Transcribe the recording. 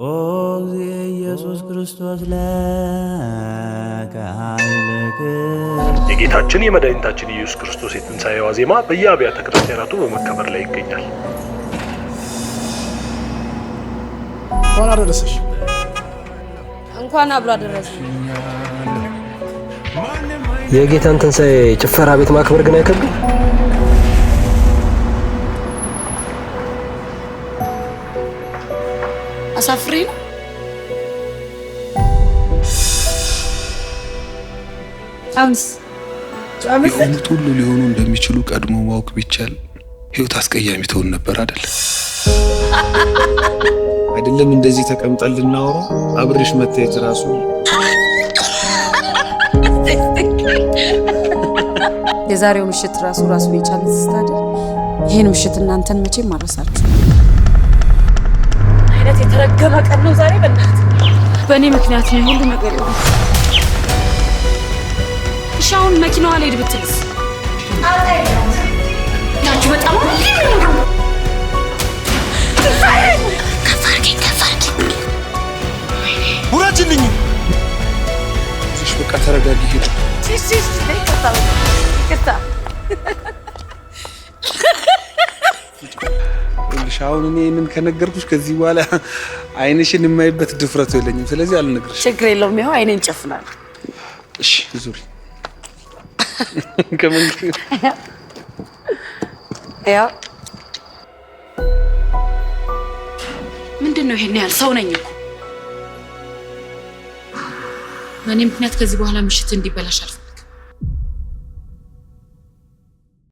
ኦ ኢየሱስ ክርስቶስ ለከ የጌታችን የመድኃኒታችን ኢየሱስ ክርስቶስ የትንሣኤ ዋዜማ በየአብያተ ክርስቲያናቱ በመከበር ላይ ይገኛል። እንኳን አደረሰሽ። እንኳን አብሮ አደረሰ። የጌታን ትንሣኤ ጭፈራ ቤት ማክበር ግን አይከብድም። አሳፍሬ ነው። የሆኑት ሁሉ ሊሆኑ እንደሚችሉ ቀድሞ ማወቅ ቢቻል ህይወት አስቀያሚ ትሆን ነበር አይደለም። አይደለም እንደዚህ ተቀምጠን ልናወራ አብሬሽ መታየት ራሱ የዛሬው ምሽት ራሱ ራሱ የቻለ ትዝታ ይህን ምሽት እናንተን መቼም አረሳችሁ። አይነት የተረገመ ቀን ነው ዛሬ። በእናት በእኔ ምክንያት ነው ሁሉ ነገር የሆነ። እሺ አሁን መኪናዋ ልሄድ ብትልስ? ናችሁ በጣም ውረጅልኝ። በቃ ተረጋጊ ሄዱ አሁን እኔ ይህንን ከነገርኩሽ ከዚህ በኋላ አይንሽን የማይበት ድፍረቱ የለኝም። ስለዚህ አልነግርሽ። ችግር የለውም። ይኸው አይኔን ጨፍናል። እሺ ዙሪ። ምንድን ነው ይሄን ያህል ሰው ነኝ እኮ በእኔ ምክንያት ከዚህ በኋላ ምሽት እንዲበላሽ አልፈ